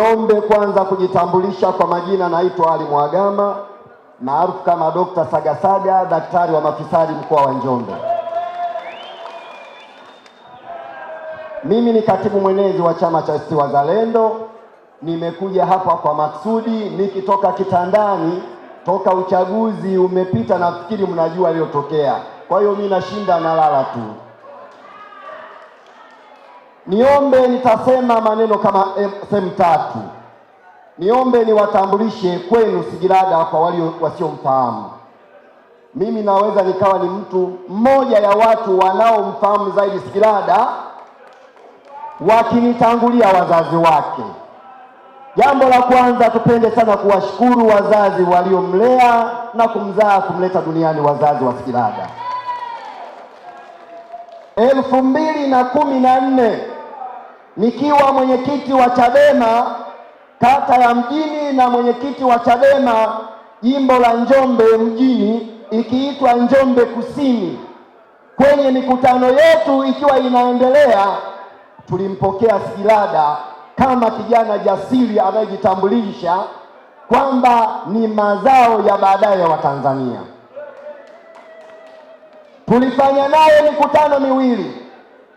niombe kwanza kujitambulisha kwa majina, naitwa Ali Mwagama maarufu kama Dr. Sagasaga, daktari wa mafisadi mkoa wa Njombe. Mimi ni katibu mwenezi wa chama cha ACT Wazalendo. Nimekuja hapa kwa maksudi, nikitoka kitandani, toka uchaguzi umepita, nafikiri mnajua aliyotokea. Kwa hiyo mimi nashinda nalala tu. Niombe nitasema maneno kama sehemu tatu. Niombe niwatambulishe kwenu Sigirada kwa walio wasiomfahamu. Mimi naweza nikawa ni mtu mmoja ya watu wanaomfahamu zaidi Sigirada, wakinitangulia wazazi wake. Jambo la kwanza, tupende sana kuwashukuru wazazi waliomlea na kumzaa kumleta duniani, wazazi wa Sigirada elfu mbili na kumi na nne nikiwa mwenyekiti wa Chadema kata ya Mjini na mwenyekiti wa Chadema jimbo la Njombe mjini ikiitwa Njombe Kusini. Kwenye mikutano yetu ikiwa inaendelea, tulimpokea Silada kama kijana jasiri anayejitambulisha kwamba ni mazao ya baadaye ya Watanzania. Tulifanya naye mikutano miwili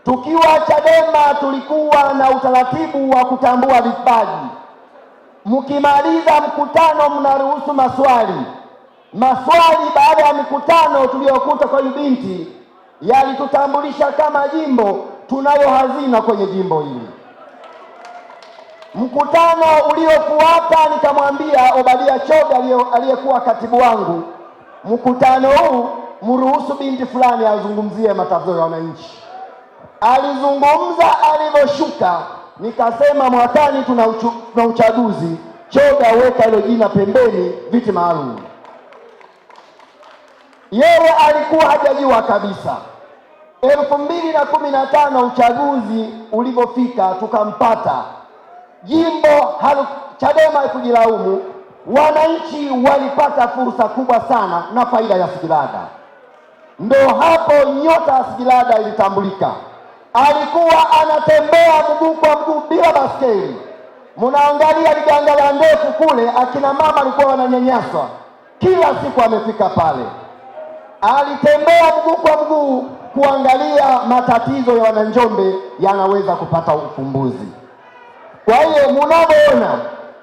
Tukiwa Chadema tulikuwa na utaratibu wa kutambua vipaji. Mkimaliza mkutano, mnaruhusu maswali. Maswali baada ya mkutano tuliyokuta kwa binti yalitutambulisha kama jimbo tunayo hazina kwenye jimbo hili. Mkutano uliofuata nikamwambia Obadia Choga aliyekuwa katibu wangu, mkutano huu mruhusu binti fulani azungumzie matatizo ya wananchi. Alizungumza alivyoshuka, nikasema mwakani tuna, uchu, tuna uchaguzi. Choga weka hilo jina pembeni, viti maalum. Yeye alikuwa hajajua kabisa. elfu mbili na kumi na tano uchaguzi ulivyofika, tukampata jimbo halu, Chadema kujilaumu, wananchi walipata fursa kubwa sana na faida ya Sigrada. Ndo hapo nyota ya Sigrada ilitambulika alikuwa anatembea mguu kwa mguu bila baskeli. Mnaangalia liganga la ndefu kule, akina mama walikuwa wananyanyaswa kila siku. Amefika pale, alitembea mguu kwa mguu kuangalia matatizo ya wananjombe yanaweza kupata ufumbuzi. Kwa hiyo munavyoona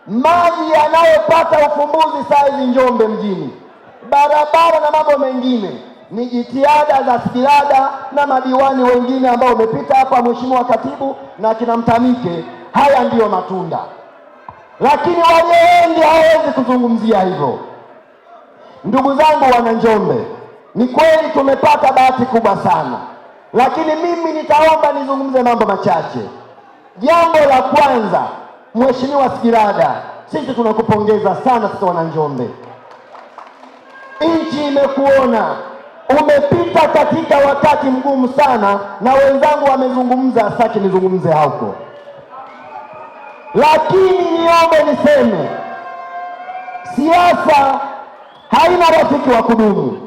maji yanayopata ufumbuzi saa hizi Njombe mjini, barabara na mambo mengine ni jitihada za Sigrada na madiwani wengine ambao wamepita hapa, mheshimiwa katibu na kina Mtamike, haya ndiyo matunda. Lakini wengi hawezi kuzungumzia hivyo. Ndugu zangu wana Njombe, ni kweli tumepata bahati kubwa sana, lakini mimi nitaomba nizungumze mambo machache. Jambo la kwanza, mheshimiwa Sigrada, sisi tunakupongeza sana sisi wana Njombe, nchi imekuona umepita katika wakati mgumu sana, na wenzangu wamezungumza, sitaki nizungumze hapo, lakini niombe niseme, siasa haina rafiki wa kudumu,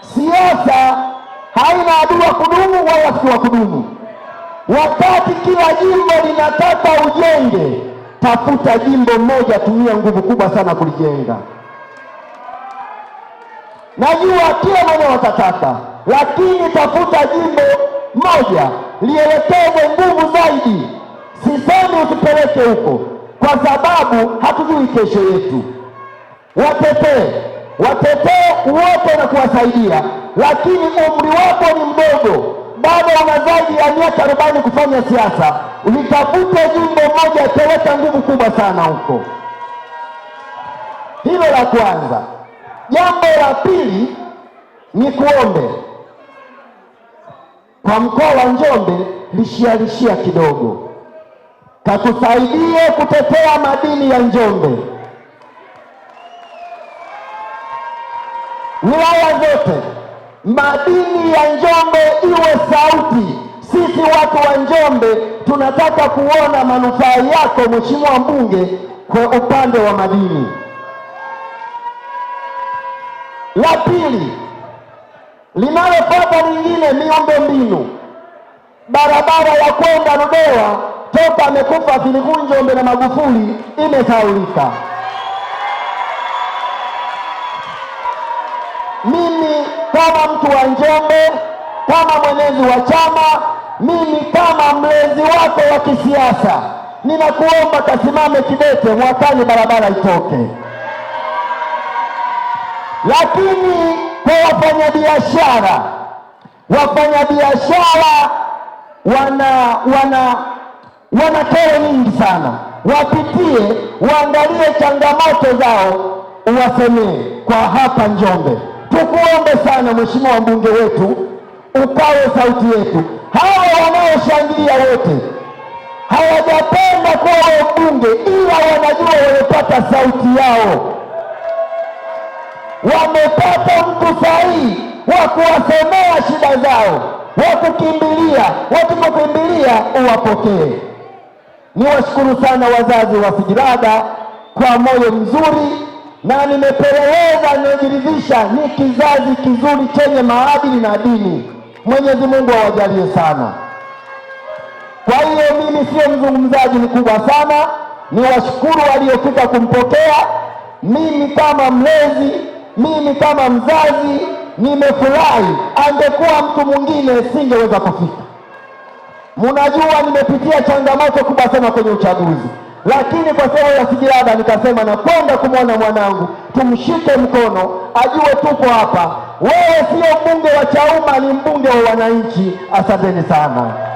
siasa haina adui wa kudumu wala rafiki wa kudumu. Wakati kila jimbo linataka ujenge, tafuta jimbo moja, tumia nguvu kubwa sana kulijenga. Najua kila mmoja watataka, lakini tafuta jimbo moja lielekeze nguvu zaidi. Sisemi usipeleke huko, kwa sababu hatujui kesho yetu. Watetee, watetee wote na kuwasaidia, lakini umri wako ni mdogo, bado una zaidi ya miaka arobaini kufanya siasa. Litafute jimbo moja, peleka nguvu kubwa sana huko. Hilo la kwanza. Jambo la pili ni kuombe kwa mkoa wa Njombe, lishia lishia kidogo, katusaidie kutetea madini ya Njombe. Wilaya zote madini ya Njombe iwe sauti. Sisi watu wa Njombe tunataka kuona manufaa yako Mheshimiwa Mbunge, kwa upande wa madini. La pili linalofuata lingine miundo mbinu, barabara ya kwenda Ludewa toka amekufa Viligu Njombe na Magufuli imetaulika. Mimi kama mtu wa Njombe, kama mwenezi wa chama, mimi kama mlezi wako wa kisiasa, ninakuomba kasimame kidete, mwakani barabara itoke. Lakini kwa wafanyabiashara, wafanyabiashara wana wana wana kero nyingi sana, wapitie waangalie changamoto zao, uwasemee kwa hapa Njombe. Tukuombe sana mheshimiwa mbunge wetu, ukawe sauti yetu. Hawa wanaoshangilia wote hawajapenda kuwa wabunge, ila wanajua wamepata sauti yao wamepata mtu sahihi wa kuwasemea shida zao, wa kukimbilia, wakikukimbilia uwapokee. Niwashukuru sana wazazi wa Sigrada kwa moyo mzuri, na nimepeleleza, nimejiridhisha ni kizazi kizuri chenye maadili na dini. Mwenyezi Mungu awajalie sana. Kwa hiyo mimi sio mzungumzaji mkubwa sana, niwashukuru waliofika kumpokea. Mimi kama mlezi mimi kama mzazi nimefurahi, angekuwa mtu mwingine singeweza kufika. Mnajua nimepitia changamoto kubwa sana kwenye uchaguzi, lakini kwa sababu ya Sigrada nikasema nakwenda kumwona mwanangu, tumshike mkono, ajue tupo hapa. Wewe sio mbunge wa Chauma, ni mbunge wa wananchi. Asanteni sana.